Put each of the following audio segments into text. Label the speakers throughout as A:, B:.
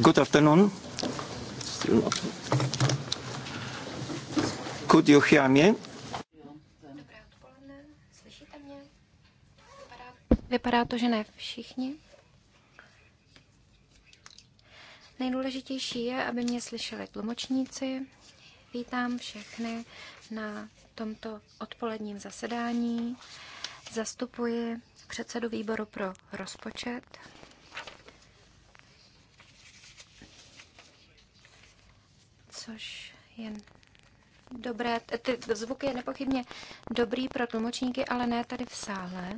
A: Good afternoon. Could you hear
B: me? Vypadá to, že ne všichni. Nejdůležitější je, aby mě slyšeli tlumočníci. Vítám všechny na tomto odpoledním zasedání. Zastupuji předsedu výboru pro rozpočet což je dobré. Ty zvuky je nepochybně dobrý pro tlumočníky, ale ne tady v sále.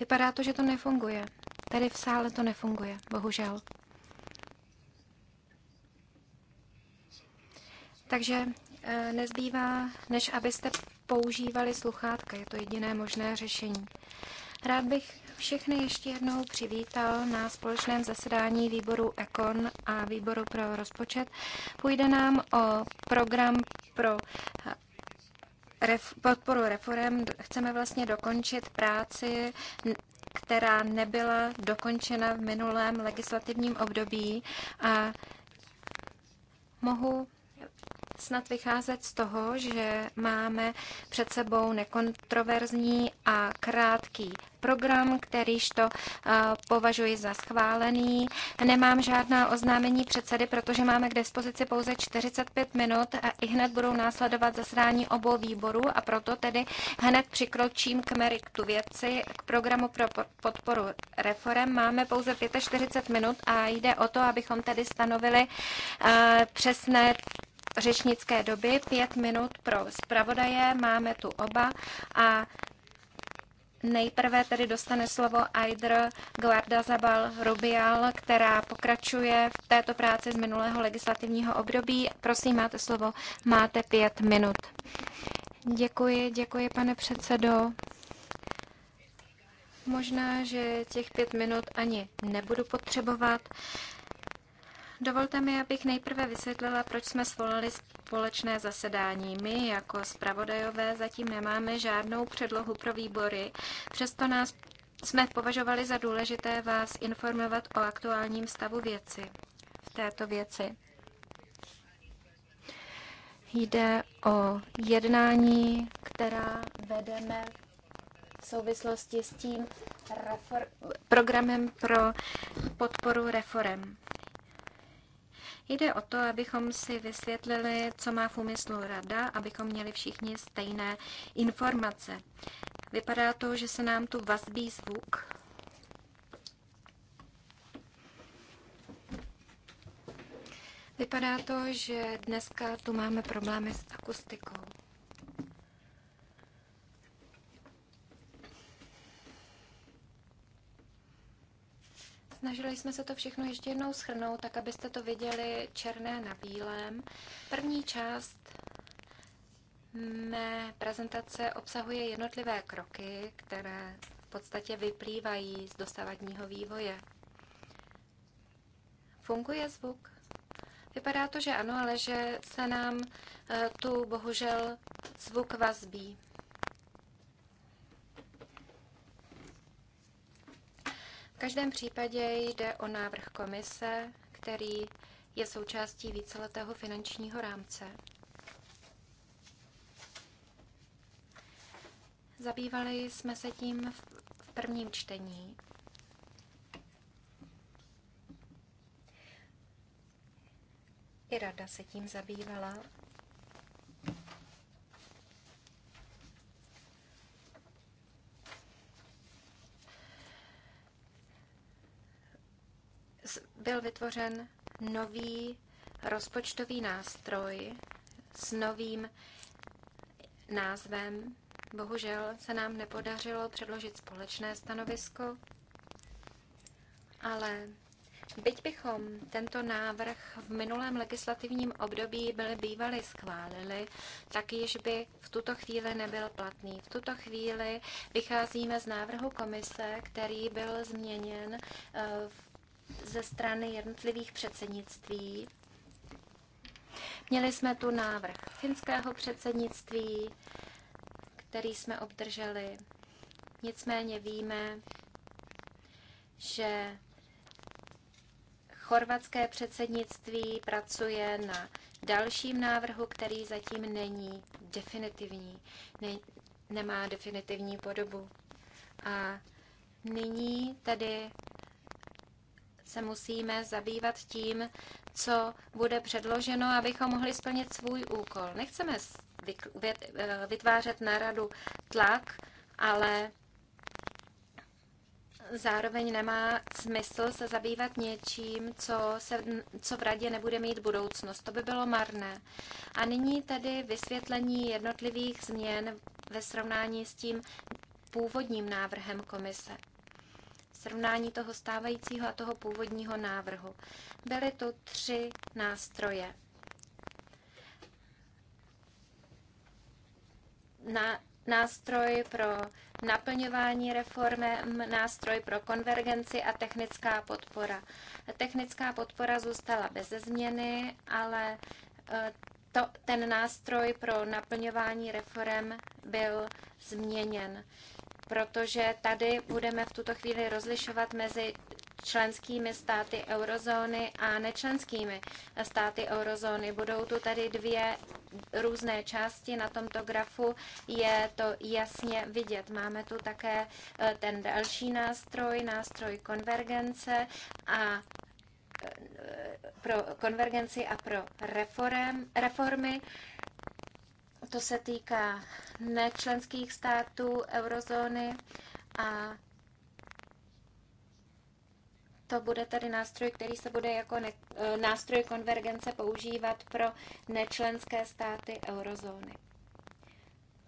B: Vypadá to, že to nefunguje. Tady v sále to nefunguje, bohužel. Takže e, nezbývá, než abyste používali sluchátka. Je to jediné možné řešení. Rád bych všechny ještě jednou přivítal na společném zasedání výboru EKON a výboru pro rozpočet. Půjde nám o program pro eh, ref, podporu reform. Chceme vlastně dokončit práci která nebyla dokončena v minulém legislativním období a mohu snad vycházet z toho, že máme před sebou nekontroverzní a krátký program, kterýž to eh, považuji za schválený. Nemám žádná oznámení předsedy, protože máme k dispozici pouze 45 minut a i hned budou následovat zasedání obou výborů a proto tedy hned přikročím k meritu věci, k programu pro podporu reform. Máme pouze 45 minut a jde o to, abychom tedy stanovili eh, přesné řečnické doby, pět minut pro zpravodaje, máme tu oba a Nejprve tedy dostane slovo Aydr Glardazabal Rubial, která pokračuje v této práci z minulého legislativního období. Prosím, máte slovo, máte pět minut. Děkuji, děkuji, pane předsedo. Možná, že těch pět minut ani nebudu potřebovat. Dovolte mi, abych nejprve vysvětlila, proč jsme svolali společné zasedání. My jako zpravodajové zatím nemáme žádnou předlohu pro výbory, přesto nás jsme považovali za důležité vás informovat o aktuálním stavu věci v této věci. Jde o jednání, která vedeme v souvislosti s tím programem pro podporu reform. Jde o to, abychom si vysvětlili, co má v úmyslu rada, abychom měli všichni stejné informace. Vypadá to, že se nám tu vazbí zvuk. Vypadá to, že dneska tu máme problémy s akustikou. Snažili jsme se to všechno ještě jednou schrnout, tak abyste to viděli černé na bílém. První část mé prezentace obsahuje jednotlivé kroky, které v podstatě vyplývají z dosavadního vývoje. Funguje zvuk? Vypadá to, že ano, ale že se nám eh, tu bohužel zvuk vazbí. V každém případě jde o návrh komise, který je součástí víceletého finančního rámce. Zabývali jsme se tím v prvním čtení. I rada se tím zabývala byl vytvořen nový rozpočtový nástroj s novým názvem. Bohužel se nám nepodařilo předložit společné stanovisko, ale byť bychom tento návrh v minulém legislativním období byli bývali schválili, tak již by v tuto chvíli nebyl platný. V tuto chvíli vycházíme z návrhu komise, který byl změněn eh, v ze strany jednotlivých předsednictví. Měli jsme tu návrh finského předsednictví, který jsme obdrželi. Nicméně víme, že chorvatské předsednictví pracuje na dalším návrhu, který zatím není definitivní, ne, nemá definitivní podobu. A nyní tedy se musíme zabývat tím, co bude předloženo, abychom mohli splnit svůj úkol. Nechceme eh, vytvářet na radu tlak, ale zároveň nemá smysl se zabývat něčím, co, se, co v radě nebude mít budoucnost. To by bylo marné. A nyní tedy vysvětlení jednotlivých změn ve srovnání s tím původním návrhem komise srovnání toho stávajícího a toho původního návrhu. Byly to tři nástroje. Na, nástroj pro naplňování reformy, nástroj pro konvergenci a technická podpora. Technická podpora zůstala bez změny, ale eh, to, ten nástroj pro naplňování reform byl změněn protože tady budeme v tuto chvíli rozlišovat mezi členskými státy eurozóny a nečlenskými státy eurozóny. Budou tu tady dvě různé části na tomto grafu, je to jasně vidět. Máme tu také eh, ten další nástroj, nástroj konvergence a eh, pro konvergenci a pro reform, reformy. To se týká nečlenských států eurozóny a to bude tady nástroj, který se bude jako ne, e, nástroj konvergence používat pro nečlenské státy eurozóny.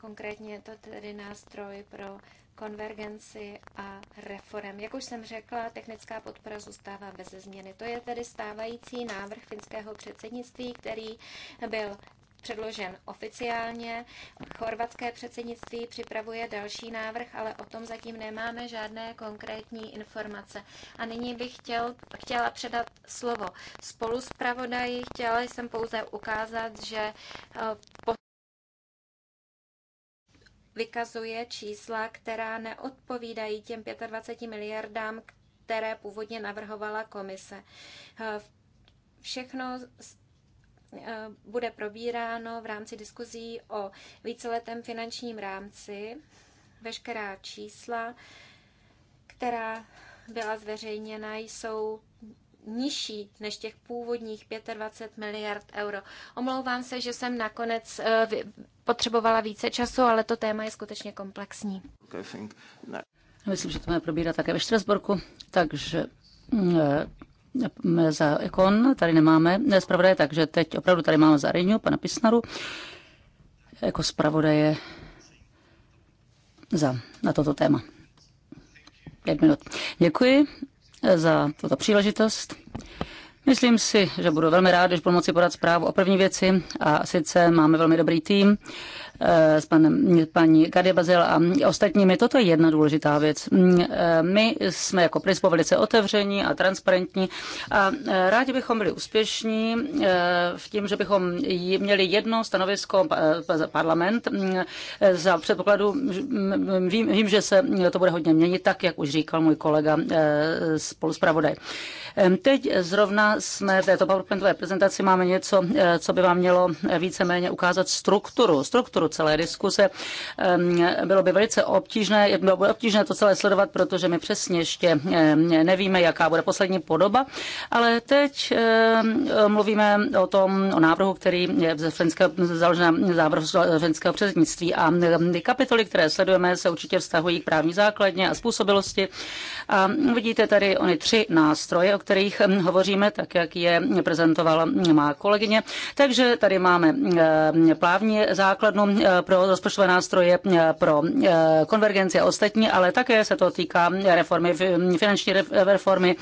B: Konkrétně je to tedy nástroj pro konvergenci a reform. Jak už jsem řekla, technická podpora zůstává bez změny. To je tedy stávající návrh finského předsednictví, který byl předložen oficiálně. Chorvatské předsednictví připravuje další návrh, ale o tom zatím nemáme žádné konkrétní informace. A nyní bych chtěl, chtěla předat slovo spolu s pravodají. Chtěla jsem pouze ukázat, že eh, po vykazuje čísla, která neodpovídají těm 25 miliardám, které původně navrhovala komise. Eh, všechno Eh, bude probíráno v rámci diskuzí o víceletém finančním rámci. Veškerá čísla, která byla zveřejněna, jsou nižší než těch původních 25 miliard euro. Omlouvám se, že jsem nakonec eh, potřebovala více času, ale to téma je skutečně komplexní.
C: Myslím, že to máme probírat také ve Štrasburku, takže mm, eh, za Ekon, tady nemáme zpravodaje, takže teď opravdu tady máme za Rynu, pana Pisnaru, jako zpravodaje za, na toto téma. Pět minut. Děkuji za tuto příležitost. Myslím si, že budu velmi rád, když budu moci podat zprávu o první věci a sice máme velmi dobrý tým Eh, s panem, paní Gadia Bazil a ostatními. Toto je jedna důležitá věc. Mm, eh, my jsme jako Prispo velice otevření a transparentní a eh, rádi bychom byli úspěšní v tím, že bychom měli jedno stanovisko parlament mm, za předpokladu, mm, vím, vím, že se to bude hodně měnit, tak jak už říkal můj kolega spoluzpravodaj. Teď zrovna jsme v této PowerPointové prezentaci máme něco, co by vám mělo víceméně ukázat strukturu, strukturu celé diskuse. Bylo by velice obtížné, bylo by obtížné to celé sledovat, protože my přesně ještě nevíme, jaká bude poslední podoba, ale teď mluvíme o tom, o návrhu, který je ze finského, založen návrhu ženského předsednictví a ty kapitoly, které sledujeme, se určitě vztahují k právní základně a způsobilosti. A vidíte tady ony tři nástroje, o kterých hovoříme, tak jak je prezentovala má kolegyně. Takže tady máme právní základnu, Eh, pro rozpočtové nástroje eh, pro eh, konvergenci a ostatní, ale také se to týká reformy, finanční reformy.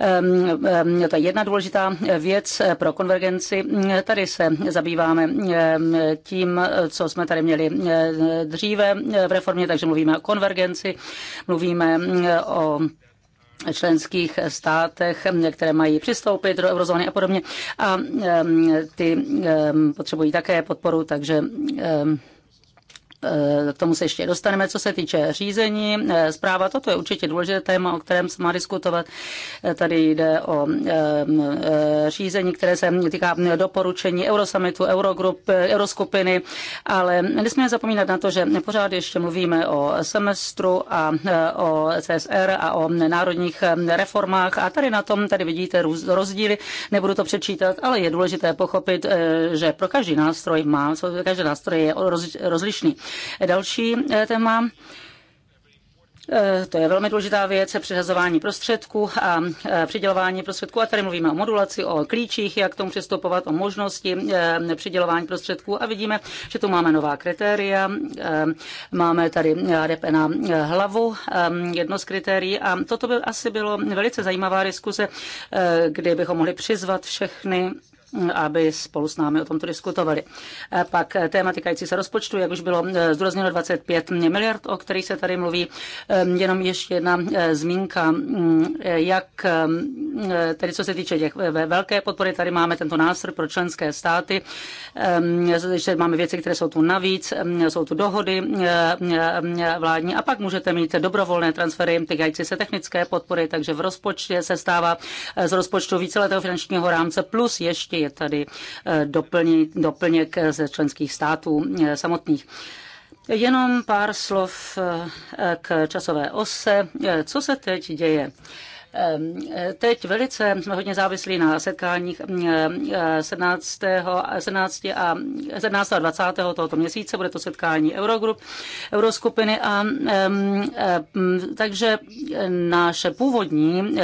C: Ehm, ehm, to je jedna důležitá věc pro konvergenci. Tady se zabýváme ehm, tím, co jsme tady měli dříve v reformě, takže mluvíme o konvergenci, mluvíme o členských státech, které mají přistoupit do eurozóny a podobně. A ty potřebují také podporu, takže Eh, k tomu se ještě dostaneme. Co se týče řízení, eh, zpráva, toto je určitě důležité téma, o kterém se má diskutovat. Eh, tady jde o řízení, které se týká doporučení Eurosummitu, Eurogrup, Euroskupiny, ale nesmíme zapomínat na to, že pořád ještě mluvíme o semestru a o CSR a o národních reformách a tady na tom, tady vidíte rozdíly, nebudu to přečítat, ale je důležité pochopit, že pro každý nástroj má, každý nástroj je rozlišný. Další eh, téma. Eh, to je velmi důležitá věc, přiřazování prostředků a eh, přidělování prostředků. A tady mluvíme o modulaci, o klíčích, jak k tomu přistupovat, o možnosti přidělování prostředků. A vidíme, že tu máme nová kritéria. Máme tady HDP na hlavu, jedno z kritérií. A toto by asi bylo velice zajímavá diskuse, kdybychom bychom mohli přizvat všechny aby spolu s námi o tomto diskutovali. Pak téma týkající se rozpočtu, jak už bylo e, zdůrazněno 25 miliard, o kterých se tady mluví. Jenom ještě jedna e, zmínka, e, jak tedy co se týče těch velké podpory, tady máme tento nástroj pro členské státy, máme věci, které jsou tu navíc, jsou tu dohody vládní a pak můžete mít dobrovolné transfery týkající se technické podpory, takže v rozpočtu se stává z rozpočtu víceletého finančního rámce plus ještě části, je tady eh, doplněk, doplněk eh, ze členských států eh, samotných. Jenom pár slov k časové ose. Co se teď děje? Teď velice jsme hodně závislí na setkáních 17. 17. Eh, a 17. a 20. tohoto měsíce. Bude to setkání Eurogrup, Euroskupiny a eh, takže náš původní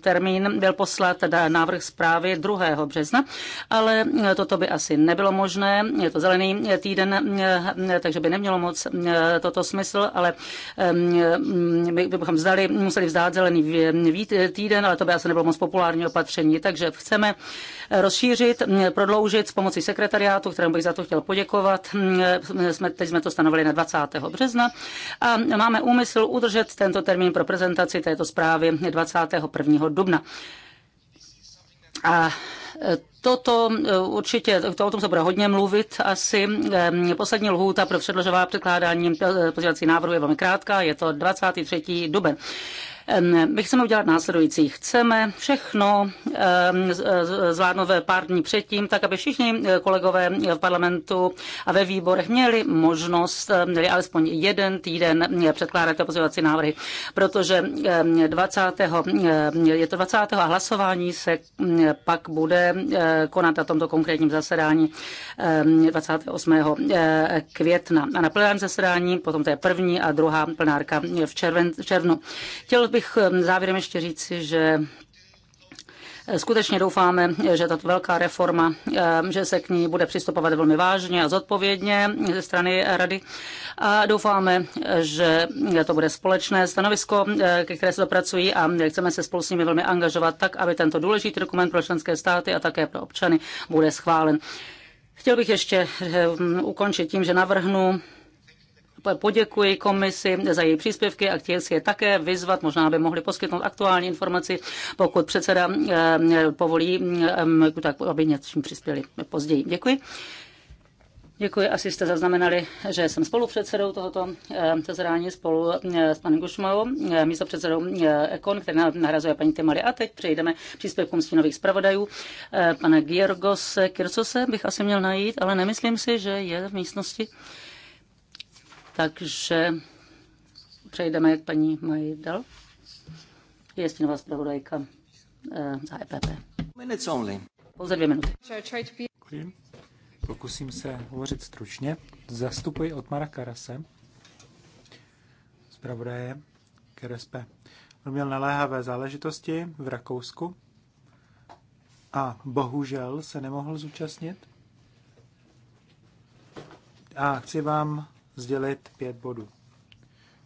C: termín byl poslat návrh zprávy 2. března, ale toto by asi nebylo možné. Je to zelený týden, eh, takže by nemělo moc toto smysl, ale my bychom vzdali, museli vzdát zelený týden, ale to by asi nebylo moc populární opatření. Takže chceme eh, rozšířit, prodloužit s pomocí sekretariátu, kterému bych za to chtěl poděkovat. Jsme, teď jsme to stanovili na 20. března a máme úmysl udržet tento termín pro prezentaci této zprávy 21. dubna. A eh, toto eh, určitě, to o tom se bude hodně mluvit asi. Poslední lhůta pro předložová předkládání pozdělací návrhu je velmi krátká, je to 23. duben. My chceme udělat následující. Chceme všechno zvládnout ve pár dní předtím, tak aby všichni eh, kolegové v parlamentu a ve výborech měli možnost, měli alespoň jeden týden předkládat pozorovací návrhy, protože 20. je to 20. a hlasování se pak bude eh, konat na tomto konkrétním zasedání 28. Eh, května. A na plenárním zasedání potom to je první a druhá plenárka v, červen, v červnu. Chtěl bych eh, závěrem ještě říci, že eh, Skutečně doufáme, že tato velká reforma, eh, že se k ní bude přistupovat velmi vážně a zodpovědně ze strany Rady. A doufáme, že to bude společné stanovisko, ke které se dopracují a chceme se spolu s nimi velmi angažovat tak, aby tento důležitý dokument pro členské státy a také pro občany bude schválen. Chtěl bych ještě ukončit tím, že navrhnu poděkuji komisi za její příspěvky a chtěl si je také vyzvat, možná by mohli poskytnout aktuální informaci, pokud předseda eh, povolí, eh, tak aby něčím přispěli později. Děkuji. Děkuji, asi jste zaznamenali, že jsem spolupředsedou tohoto eh, zrání spolu s panem Gušmou, místopředsedou Ekon, který nahrazuje paní Temali. A teď přejdeme příspěvkům nových zpravodajů. Pane Georgos Kircose bych asi měl najít, ale nemyslím si, že je v místnosti. Takže přejdeme k paní Majdal. jestli nová zpravodajka eh, za EPP. Pouze dvě minuty.
A: Děkuji. Pokusím se hovořit stručně. Zastupuji Otmara Karase, zpravodaje KRSP. On měl naléhavé záležitosti v Rakousku a bohužel se nemohl zúčastnit. A chci vám sdělit pět bodů.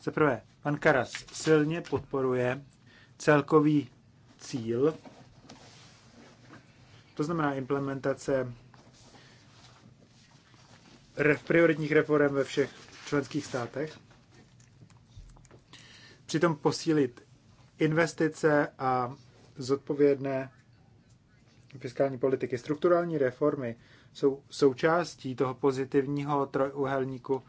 A: Za prvé, pan Karas silně podporuje celkový cíl, to znamená implementace prioritních reform ve všech členských státech, přitom posílit investice a zodpovědné fiskální politiky. Strukturální reformy jsou součástí toho pozitivního trojuhelníku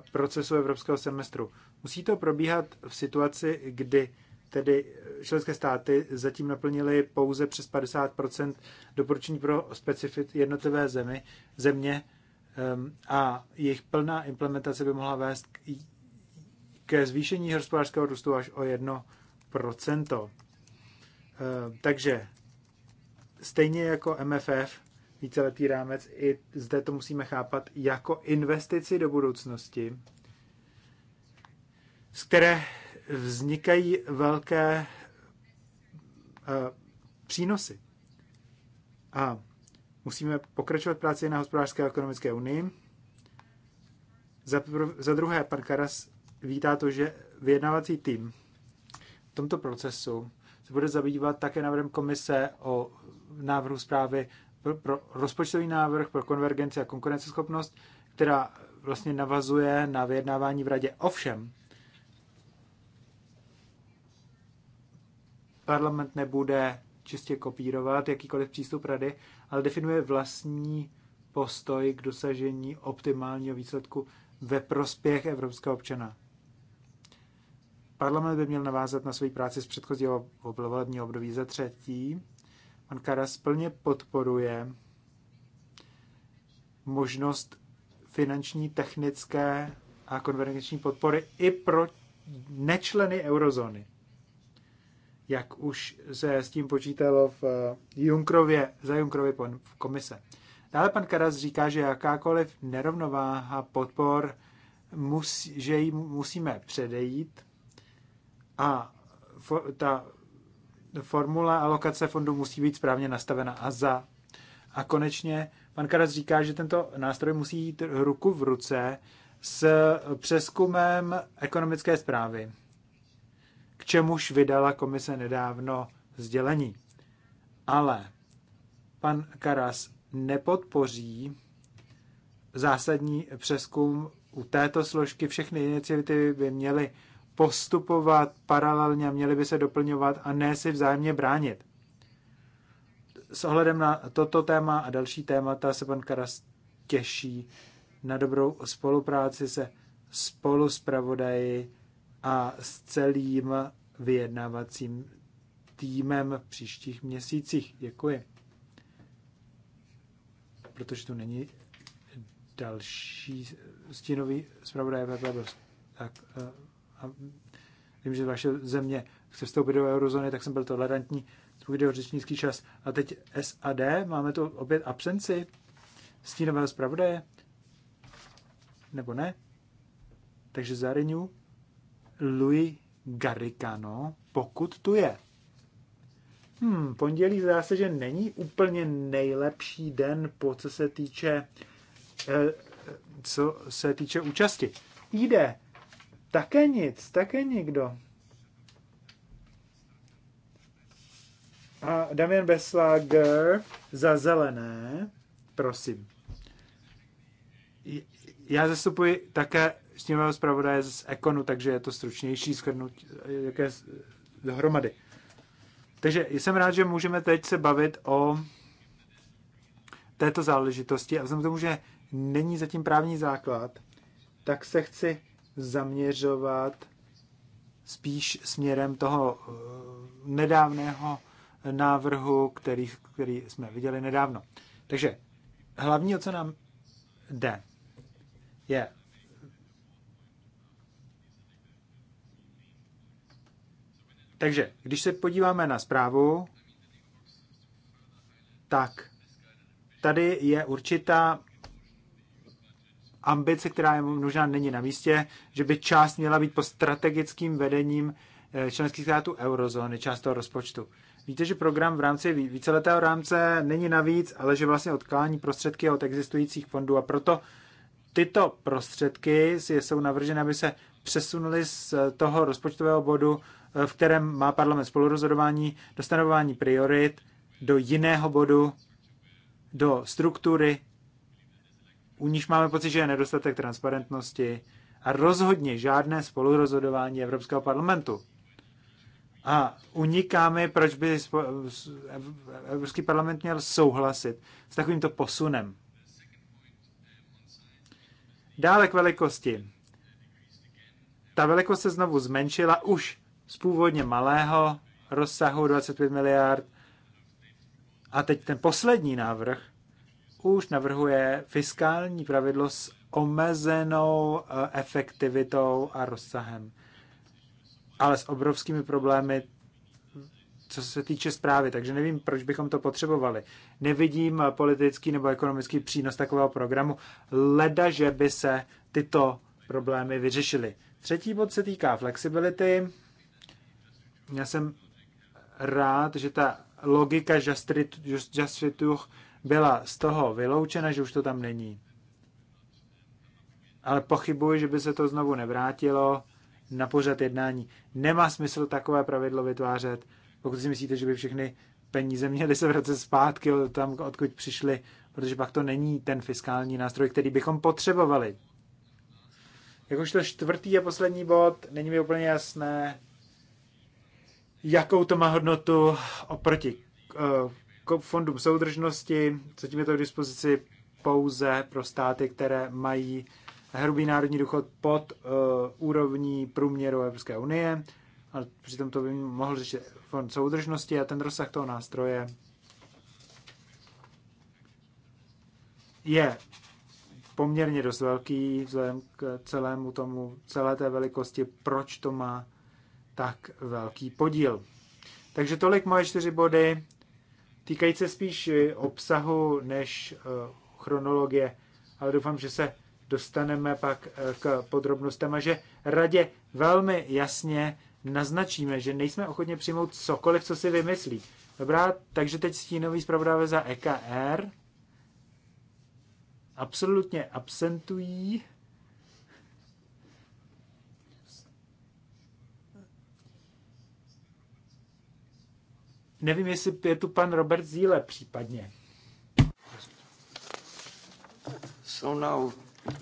A: v procesu evropského semestru. Musí to probíhat v situaci, kdy tedy členské státy zatím naplnily pouze přes 50 doporučení pro specifit jednotlivé zemi, země ehm, a jejich plná implementace by mohla vést k, ke zvýšení hospodářského růstu až o 1 ehm, takže stejně jako MFF víceletý rámec, i zde to musíme chápat jako investici do budoucnosti, z které vznikají velké uh, přínosy. A musíme pokračovat práci na hospodářské a ekonomické unii. Za, za druhé, pan Karas vítá to, že vyjednávací tým v tomto procesu se bude zabývat také návrhem komise o návrhu zprávy pro rozpočtový návrh pro konvergenci a konkurenceschopnost, která vlastně navazuje na vyjednávání v radě. Ovšem, parlament nebude čistě kopírovat jakýkoliv přístup rady, ale definuje vlastní postoj k dosažení optimálního výsledku ve prospěch evropského občana. Parlament by měl navázat na svoji práci z předchozího volebního období za třetí. Ankara plně podporuje možnost finanční, technické a konvergenční podpory i pro nečleny eurozóny. Jak už se s tím počítalo v eh, Junkrově, za Junkrově v komise. Dále pan Karas říká, že jakákoliv nerovnováha podpor, musí, že ji musíme předejít a ta formula alokace fondu musí být správně nastavena a za. A konečně pan Karas říká, že tento nástroj musí jít ruku v ruce s přeskumem ekonomické zprávy, k čemuž vydala komise nedávno sdělení. Ale pan Karas nepodpoří zásadní přeskum u této složky. Všechny iniciativy by měly postupovat paralelně, měly by se doplňovat a ne si vzájemně bránit. S ohledem na toto téma a další témata se pan Karas těší na dobrou spolupráci se spolu s pravodaji a s celým vyjednávacím týmem v příštích měsících. Děkuji. Protože tu není další stínový zpravodaj VPB. Tak eh, a vím, že vaše země chce vstoupit do eurozóny, tak jsem byl tolerantní, to o řečnický čas. A teď SAD, máme tu opět absenci stínového zpravodaje, nebo ne? Takže zareňu Louis Garicano, pokud tu je. Hmm, pondělí zdá se, že není úplně nejlepší den, po co se týče, eh, co se týče účasti. Jde také nic, také nikdo. A Damien Beslager za zelené, prosím. Já zastupuji také sněmového zpravodaje z Ekonu, takže je to stručnější shrnout jaké dohromady. Takže jsem rád, že můžeme teď se bavit o této záležitosti a vzhledem k tomu, že není zatím právní základ, tak se chci zaměřovat spíš směrem toho eh, nedávného návrhu, který, který jsme viděli nedávno. Takže hlavní, o co nám jde, je Takže, když se podíváme na zprávu, tak tady je určitá ambice, která je možná není na místě, že by část měla být po strategickým vedením eh, členských států eurozóny, část toho rozpočtu. Víte, že program v rámci víceletého rámce není navíc, ale že vlastně odklání prostředky od existujících fondů a proto tyto prostředky jsou navrženy, aby se přesunuly z eh, toho rozpočtového bodu, eh, v kterém má parlament spolurozhodování, do stanovování priorit, do jiného bodu, do struktury u níž máme pocit, že je nedostatek transparentnosti a rozhodně žádné spolurozhodování Evropského parlamentu. A unikáme, proč by Evropský parlament měl souhlasit s takovýmto posunem. Dále k velikosti. Ta velikost se znovu zmenšila už z původně malého rozsahu 25 miliard. A teď ten poslední návrh už navrhuje fiskální pravidlo s omezenou eh, efektivitou a rozsahem, ale s obrovskými problémy, co se týče zprávy, takže nevím, proč bychom to potřebovali. Nevidím politický nebo ekonomický přínos takového programu, leda, že by se tyto problémy vyřešily. Třetí bod se týká flexibility. Já jsem rád, že ta logika Jastrituch byla z toho vyloučena, že už to tam není. Ale pochybuji, že by se to znovu nevrátilo na pořad jednání. Nemá smysl takové pravidlo vytvářet, pokud si myslíte, že by všechny peníze měly se vrátit zpátky tam, odkud přišly, protože pak to není ten fiskální nástroj, který bychom potřebovali. už to čtvrtý a poslední bod, není mi úplně jasné, jakou to má hodnotu oproti eh, fondům soudržnosti, co tím je to k dispozici pouze pro státy, které mají hrubý národní důchod pod uh, úrovní průměru Evropské unie, a přitom to by mohl říct fond soudržnosti a ten rozsah toho nástroje je poměrně dost velký vzhledem k celému tomu, celé té velikosti, proč to má tak velký podíl. Takže tolik moje čtyři body, týkají se spíš eh, obsahu než eh, chronologie, ale doufám, že se dostaneme pak eh, k podrobnostem a že radě velmi jasně naznačíme, že nejsme ochotně přijmout cokoliv, co si vymyslí. Dobrá, takže teď stínový zpravodáve za EKR absolutně absentují. Nevím, jestli je tu pan Robert Zíle případně. So now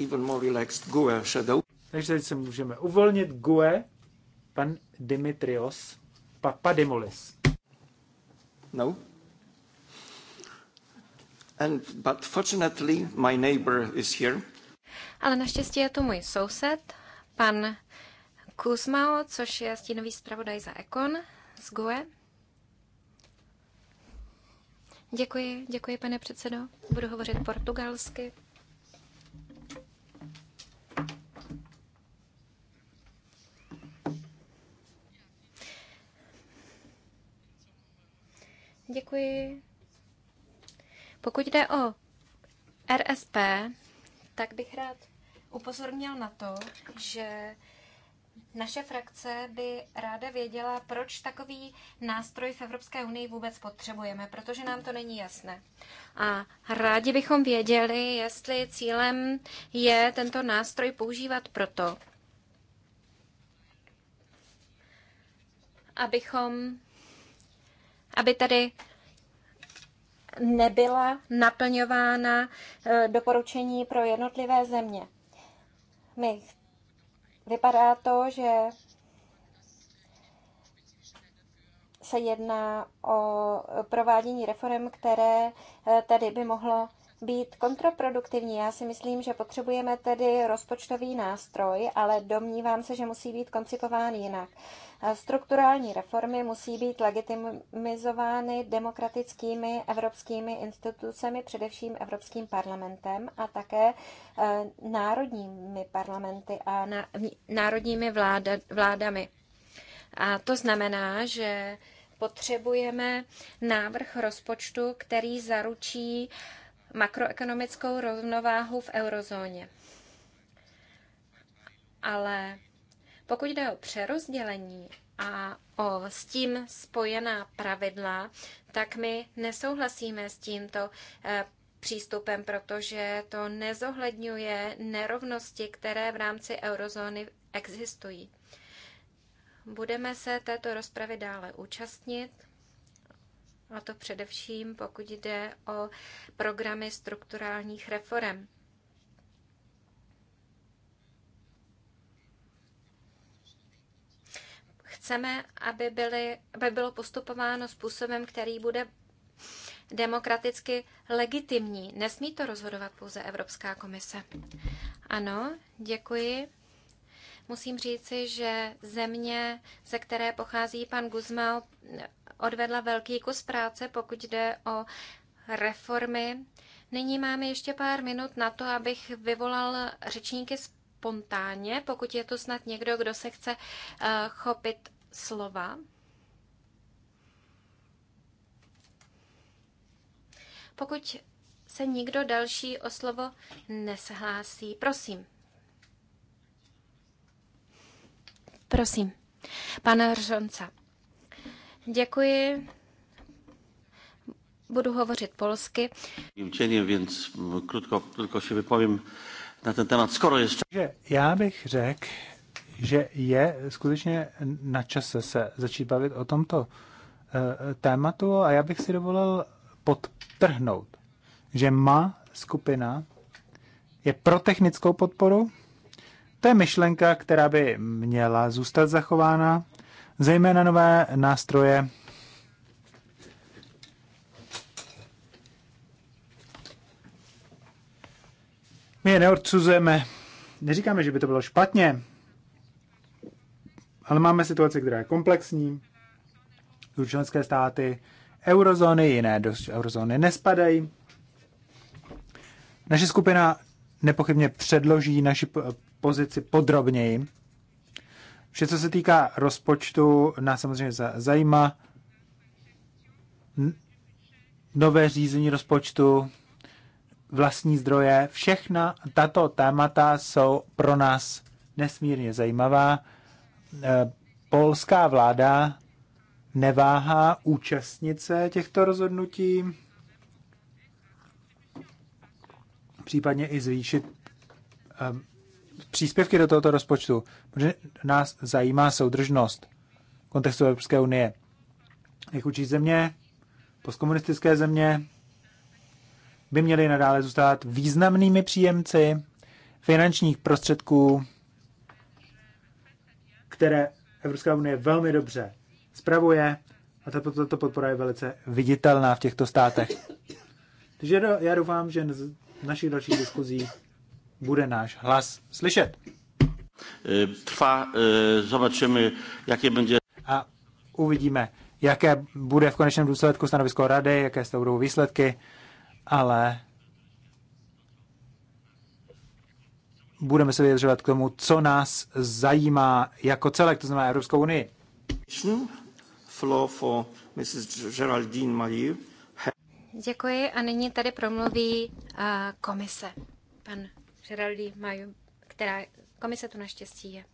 A: even more relaxed GUE shadow. Takže teď se můžeme uvolnit GUE, pan Dimitrios Papadimolis. No. And, but fortunately my neighbor is here.
B: Ale naštěstí je to můj soused, pan Kuzmao, což je stínový zpravodaj za Ekon z GUE. Děkuji, děkuji, pane předsedo. Budu hovořit portugalsky. Děkuji. Pokud jde o RSP, tak bych rád upozornil na to, že naše frakce by ráda věděla, proč takový nástroj v Evropské unii vůbec potřebujeme, protože nám to není jasné. A rádi bychom věděli, jestli cílem je tento nástroj používat proto, abychom, aby tady nebyla naplňována eh, doporučení pro jednotlivé země. My Vypadá to, že se jedná o provádění reform, které eh, tedy by mohlo být kontraproduktivní. Já si myslím, že potřebujeme tedy rozpočtový nástroj, ale domnívám se, že musí být koncipován jinak. Strukturální reformy musí být legitimizovány demokratickými evropskými institucemi, především Evropským parlamentem a také e, národními parlamenty a národními vláda, vládami. A to znamená, že potřebujeme návrh rozpočtu, který zaručí uh, makroekonomickou rovnováhu v eurozóně. Ale pokud jde o přerozdělení a o s tím spojená pravidla, tak my nesouhlasíme s tímto eh, přístupem, protože to nezohledňuje nerovnosti, které v rámci eurozóny existují. Budeme se této rozpravy dále účastnit a to především pokud jde o programy strukturálních reform. Chceme, aby, byly, aby bylo postupováno způsobem, který bude demokraticky legitimní. Nesmí to rozhodovat pouze Evropská komise. Ano, děkuji. Musím říci, že země, ze které pochází pan Guzmao, odvedla velký kus práce, pokud jde o reformy. Nyní máme ještě pár minut na to, abych vyvolal řečníky spontánně, pokud je tu snad někdo, kdo se chce eh, chopit slova. Pokud se nikdo další o slovo nesahlásí, prosím. Prosím, pane Ržonca. Děkuji. Budu hovořit polsky.
A: Němčeně, więc krótko, krótko się na ten temat, skoro ještě. Já bych řekl, že je skutečně na čase se začít bavit o tomto eh, tématu a já bych si dovolil podtrhnout, že má skupina je pro technickou podporu. To je myšlenka, která by měla zůstat zachována zejména nové nástroje My je neodsuzujeme, neříkáme, že by to bylo špatně, ale máme situaci, která je komplexní. Jsou členské státy eurozóny, jiné do eurozóny nespadají. Naše skupina nepochybně předloží naši pozici podrobněji Vše, co se týká rozpočtu, nás samozřejmě zajímá. Nové řízení rozpočtu, vlastní zdroje, všechna tato témata jsou pro nás nesmírně zajímavá. E, polská vláda neváhá účastnice těchto rozhodnutí, případně i zvýšit e, příspěvky do tohoto rozpočtu, protože nás zajímá soudržnost v kontextu Evropské unie. Jak učí země, postkomunistické země, by měly nadále zůstat významnými příjemci finančních prostředků, které Evropská unie velmi dobře spravuje a tato podpora je velice viditelná v těchto státech. Takže já doufám, že v našich dalších diskuzích bude náš hlas slyšet. E, trvá, e, zobaczymy, jaké bude... A uvidíme, jaké bude v konečném důsledku stanovisko rady, jaké z toho budou výsledky, ale budeme se vyjadřovat k tomu, co nás zajímá jako celek, to znamená Evropskou unii.
B: Děkuji a nyní tady promluví komise. Pan Rally mají, která komise tu naštěstí je.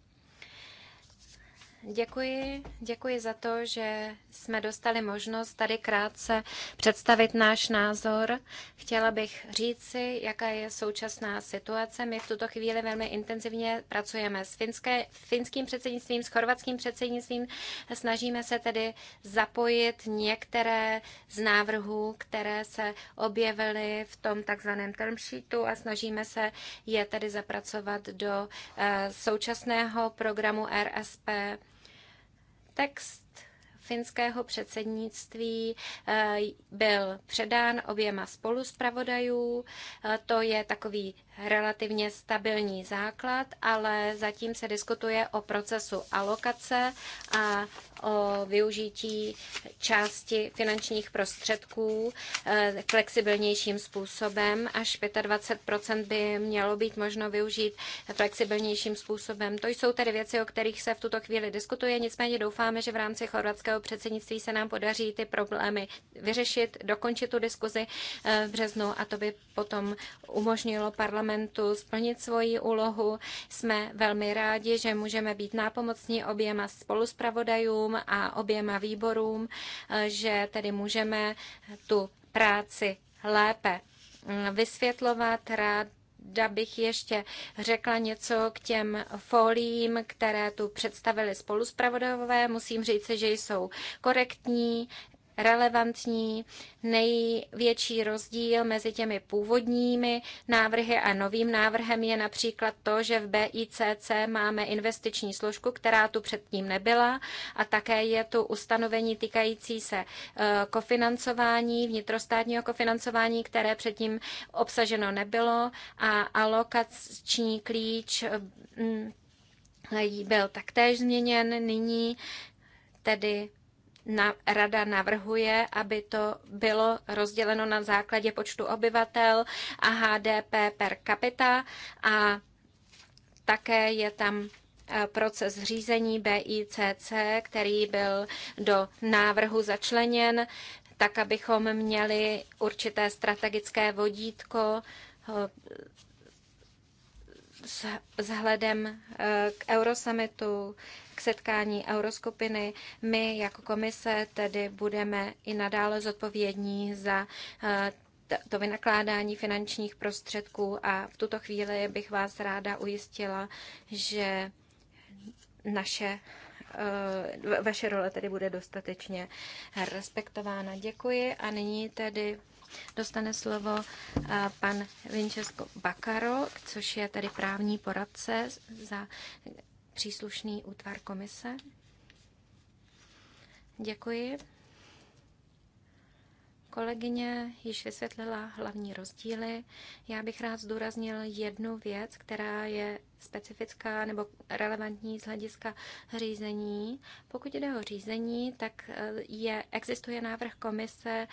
B: Děkuji, děkuji za to, že jsme dostali možnost tady krátce představit náš názor. Chtěla bych říci, jaká je současná situace. My v tuto chvíli velmi intenzivně pracujeme s finské, finským předsednictvím, s chorvatským předsednictvím. Snažíme se tedy zapojit některé z návrhů, které se objevily v tom takzvaném term sheetu a snažíme se je tedy zapracovat do eh, současného programu RSP Text finského předsednictví eh, byl předán oběma spoluspravodajů. Eh, to je takový relativně stabilní základ, ale zatím se diskutuje o procesu alokace a o využití části finančních prostředků eh, flexibilnějším způsobem. Až 25 by mělo být možno využít flexibilnějším způsobem. To jsou tedy věci, o kterých se v tuto chvíli diskutuje. Nicméně doufáme, že v rámci chorvatského předsednictví se nám podaří ty problémy vyřešit, dokončit tu diskuzi eh, v březnu a to by potom umožnilo parlament parlamentu splnit svoji úlohu. Jsme velmi rádi, že můžeme být nápomocní oběma spoluspravodajům a oběma výborům, že tedy můžeme tu práci lépe vysvětlovat. Rád ráda bych ještě řekla něco k těm fóliím, které tu představili spoluspravodajové. Musím říct, že jsou korektní, relevantní. Největší rozdíl mezi těmi původními návrhy a novým návrhem je například to, že v BICC máme investiční složku, která tu předtím nebyla a také je tu ustanovení týkající se e, kofinancování, vnitrostátního kofinancování, které předtím obsaženo nebylo a alokační klíč mm, byl taktéž změněn nyní, tedy na, rada navrhuje, aby to bylo rozděleno na základě počtu obyvatel a HDP per capita a také je tam eh, proces řízení BICC, který byl do návrhu začleněn, tak abychom měli určité strategické vodítko eh, s vzhledem eh, k eurosamitu, k setkání euroskupiny. My jako komise tedy budeme i nadále zodpovědní za eh, to vynakládání finančních prostředků a v tuto chvíli bych vás ráda ujistila, že naše eh, vaše role tedy bude dostatečně respektována. Děkuji a nyní tedy dostane slovo eh, pan Vincesco Bakaro, což je tedy právní poradce za příslušný útvar komise. Děkuji. Kolegyně již vysvětlila hlavní rozdíly. Já bych rád zdůraznil jednu věc, která je specifická nebo relevantní z hlediska řízení. Pokud jde o řízení, tak eh, je, existuje návrh komise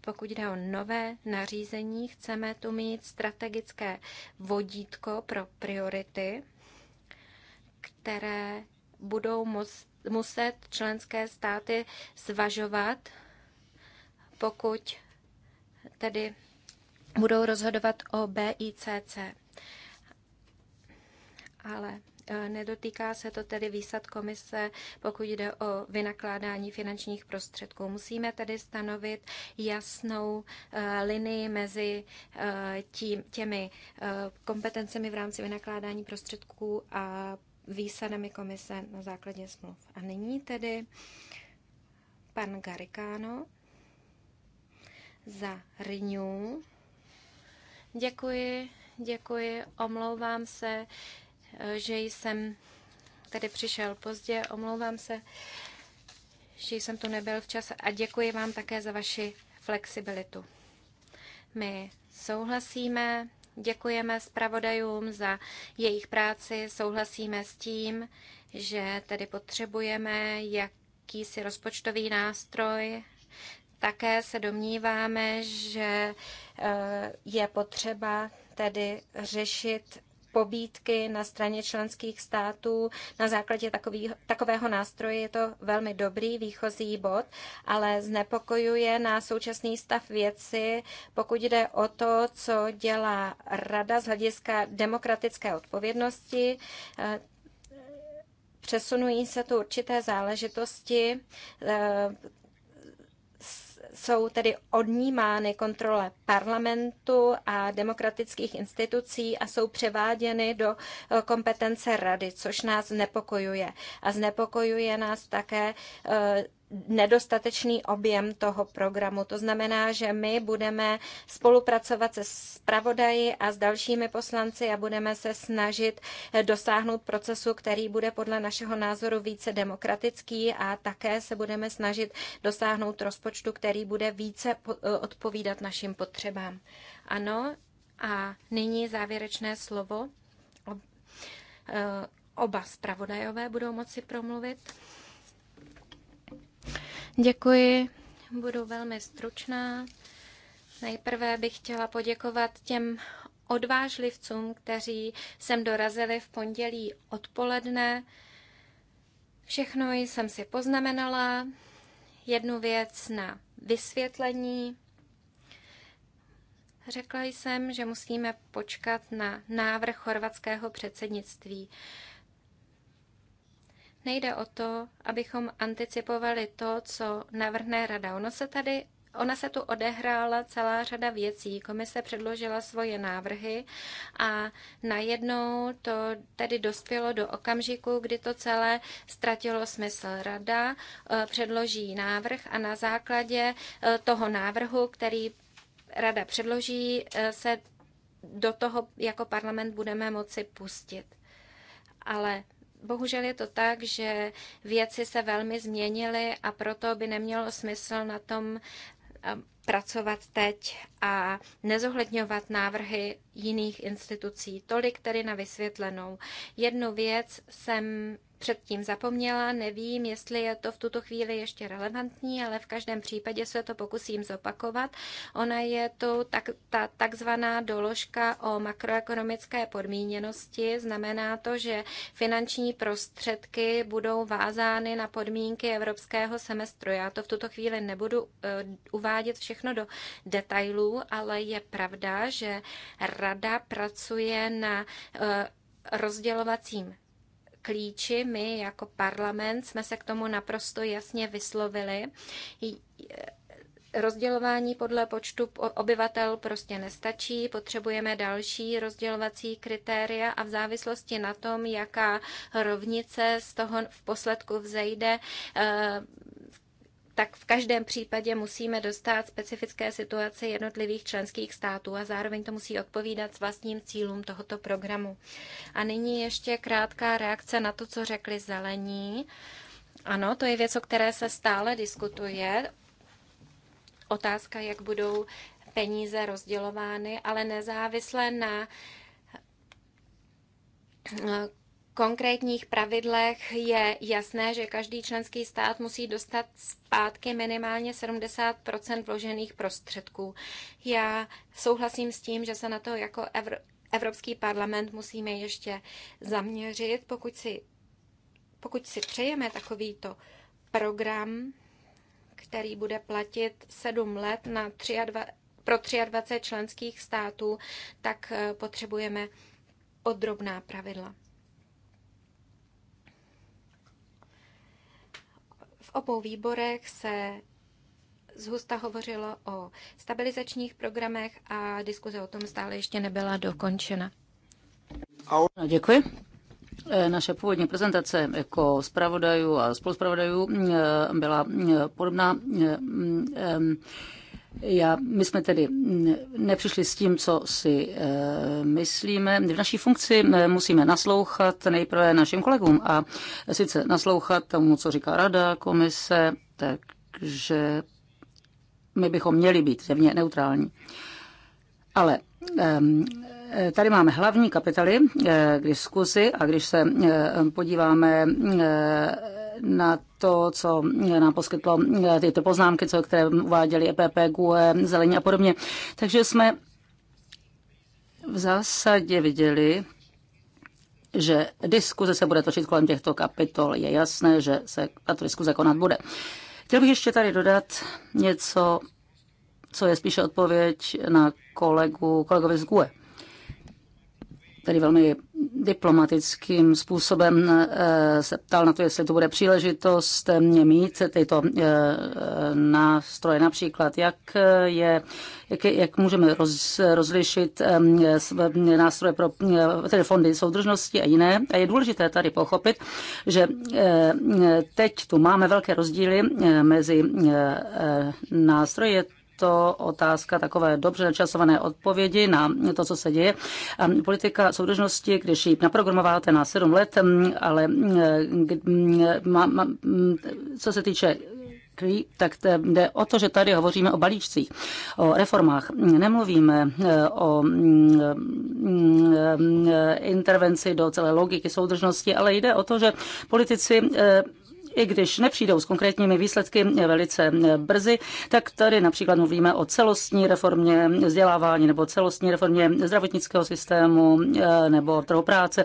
B: pokud jde o nové nařízení, chceme tu mít strategické vodítko pro priority, které budou muset členské státy zvažovat, pokud tedy budou rozhodovat o BICC. Ale Nedotýká se to tedy výsad komise, pokud jde o vynakládání finančních prostředků. Musíme tedy stanovit jasnou eh, linii mezi eh, tím, těmi eh, kompetencemi v rámci vynakládání prostředků a výsadami komise na základě smluv. A nyní tedy pan Garikáno za Renew. Děkuji, děkuji, omlouvám se, Eh, že jsem tady přišel pozdě, omlouvám se, že jsem tu nebyl včas a děkuji vám také za vaši flexibilitu. My souhlasíme, děkujeme zpravodajům za jejich práci, souhlasíme s tím, že tedy potřebujeme jakýsi rozpočtový nástroj. Také se domníváme, že eh, je potřeba tedy řešit pobídky na straně členských států. Na základě takový, takového nástroje je to velmi dobrý výchozí bod, ale znepokojuje na současný stav věci, pokud jde o to, co dělá Rada z hlediska demokratické odpovědnosti. Eh, přesunují se tu určité záležitosti eh, jsou tedy odnímány kontrole parlamentu a demokratických institucí a jsou převáděny do eh, kompetence rady, což nás znepokojuje. A znepokojuje nás také eh, nedostatečný objem toho programu. To znamená, že my budeme spolupracovat se zpravodaji a s dalšími poslanci a budeme se snažit dosáhnout procesu, který bude podle našeho názoru více demokratický a také se budeme snažit dosáhnout rozpočtu, který bude více odpovídat našim potřebám. Ano, a nyní závěrečné slovo. Eh, oba zpravodajové budou moci promluvit. Děkuji, budu velmi stručná. Nejprve bych chtěla poděkovat těm odvážlivcům, kteří sem dorazili v pondělí odpoledne. Všechno jsem si poznamenala. Jednu věc na vysvětlení. Řekla jsem, že musíme počkat na návrh chorvatského předsednictví. Nejde o to, abychom anticipovali to, co navrhne rada. Ono se tady Ona se tu odehrála celá řada věcí. Komise předložila svoje návrhy a najednou to tedy dospělo do okamžiku, kdy to celé ztratilo smysl. Rada eh, předloží návrh a na základě eh, toho návrhu, který rada předloží, eh, se do toho jako parlament budeme moci pustit. Ale bohužel je to tak, že věci se velmi změnily a proto by nemělo smysl na tom eh, pracovat teď a nezohledňovat návrhy jiných institucí. Tolik tedy na vysvětlenou. Jednu věc jsem předtím zapomněla, nevím, jestli je to v tuto chvíli ještě relevantní, ale v každém případě se to pokusím zopakovat. Ona je to tak, ta takzvaná doložka o makroekonomické podmíněnosti. Znamená to, že finanční prostředky budou vázány na podmínky evropského semestru. Já to v tuto chvíli nebudu eh, uvádět všechno do detailů, ale je pravda, že rada pracuje na eh, rozdělovacím klíči. My jako parlament jsme se k tomu naprosto jasně vyslovili. Rozdělování podle počtu obyvatel prostě nestačí, potřebujeme další rozdělovací kritéria a v závislosti na tom, jaká rovnice z toho v posledku vzejde, eh, tak v každém případě musíme dostat specifické situace jednotlivých členských států a zároveň to musí odpovídat s vlastním cílům tohoto programu. A nyní ještě krátká reakce na to, co řekli zelení. Ano, to je věc, o které se stále diskutuje. Otázka, jak budou peníze rozdělovány, ale nezávisle na konkrétních pravidlech je jasné, že každý členský stát musí dostat zpátky minimálně 70 vložených prostředků. Já souhlasím s tím, že se na to jako Evropský parlament musíme ještě zaměřit, pokud si, pokud si přejeme takovýto program, který bude platit 7 let na 2, pro 23 členských států, tak eh, potřebujeme odrobná pravidla. V obou výborech se zhusta hovořilo o stabilizačních programech a diskuze o tom stále ještě
C: nebyla dokončena. děkuji. E, naše původní prezentace jako zpravodajů a spoluzpravodajů e, byla e, podobná já, my jsme tedy nepřišli s tím, co si e, myslíme. V naší funkci e, musíme naslouchat nejprve našim kolegům a sice naslouchat tomu, co říká rada, komise, takže my bychom měli být zjevně neutrální. Ale Tady máme hlavní kapitaly e, k diskuzi a když se e, podíváme na to, co nám poskytlo eh, tyto poznámky, co, které uváděli EPP, GUE, Zelení a podobně. Takže jsme v zásadě viděli, že diskuze se bude točit kolem těchto kapitol. Je jasné, že se tato diskuze konat bude. Chtěl bych ještě tady dodat něco, co je spíše odpověď na kolegu, kolegovi z GUE tedy velmi diplomatickým způsobem eh, se ptal na to, jestli to bude příležitost eh, mít tyto eh, nástroje, například jak, je, jak, jak můžeme roz, rozlišit nástroje pro tedy fondy soudržnosti a jiné. A je důležité tady pochopit, že teď tu máme velké rozdíly mezi nástroje to otázka takové dobře načasované odpovědi na to, co se děje. Ehm, politika soudržnosti, když ji naprogramováte na sedm let, ehm, ale ehm, co se týče tak jde o to, že tady hovoříme o balíčcích, o reformách. Nemluvíme o intervenci do celé logiky soudržnosti, ale jde o to, že politici i když nepřijdou s konkrétními výsledky velice brzy, tak tady například mluvíme o celostní reformě vzdělávání nebo celostní reformě zdravotnického systému eh, nebo trhu práce.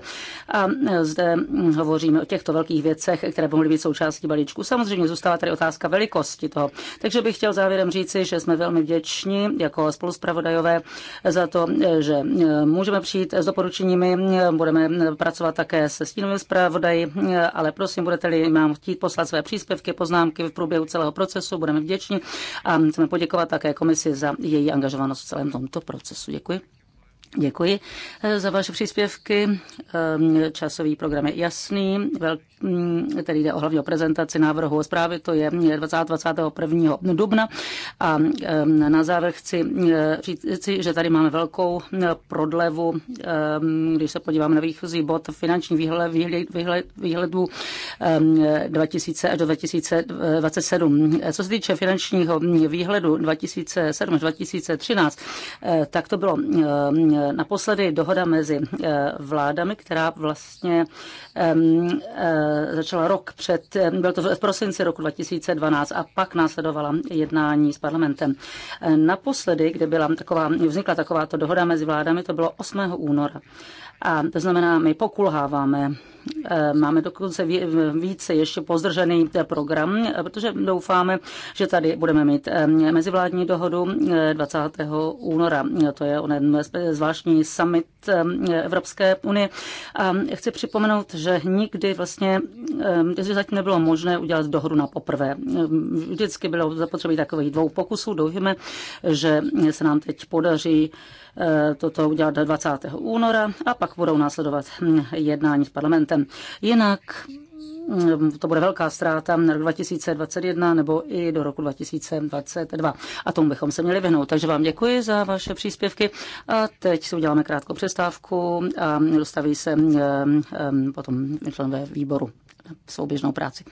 C: A eh, zde hovoříme o těchto velkých věcech, které by mohly být součástí balíčku. Samozřejmě zůstává tady otázka velikosti toho. Takže bych chtěl závěrem říci, že jsme velmi vděční jako spoluspravodajové za to, eh, že můžeme přijít s doporučeními, budeme pracovat také se stínovým zpravodaji, ale prosím, budete-li mám chtít chtít poslat své příspěvky, poznámky v průběhu celého procesu. Budeme vděční a chceme poděkovat také komisi za její angažovanost v celém tomto procesu. Děkuji. Děkuji eh, za vaše příspěvky. Eh, časový program je jasný, který mm, jde o hlavně o prezentaci návrhu zprávy, to je 20. 21. dubna. A eh, na závěr chci říct, že tady máme velkou prodlevu, když se podíváme na výchozí bod finanční výhled, výhled, výhledu 2000 až do 2027. Co se týče finančního výhledu 2007 až 2013, tak to bylo naposledy dohoda mezi eh, vládami, která vlastně eh, začala rok před, byl to v prosinci roku 2012 a pak následovala jednání s parlamentem. Naposledy, kde byla taková, vznikla takováto dohoda mezi vládami, to bylo 8. února. A to znamená, my pokulháváme. E, máme dokonce více ještě pozdržený program, protože doufáme, že tady budeme mít e, mezivládní dohodu 20. E, února. To je onen zvláštní summit Evropské unie. A chci připomenout, že nikdy vlastně, že zatím nebylo možné udělat dohodu na poprvé. Vždycky bylo zapotřebí takových dvou pokusů. Doufíme, že se nám teď podaří Eh, toto udělat 20. února a pak budou následovat hm, jednání s parlamentem. Jinak hm, to bude velká ztráta na rok 2021 nebo i do roku 2022. A tomu bychom se měli vyhnout. Takže vám děkuji za vaše příspěvky a teď si uděláme krátkou přestávku a dostaví se hm, potom členové výboru na souběžnou práci.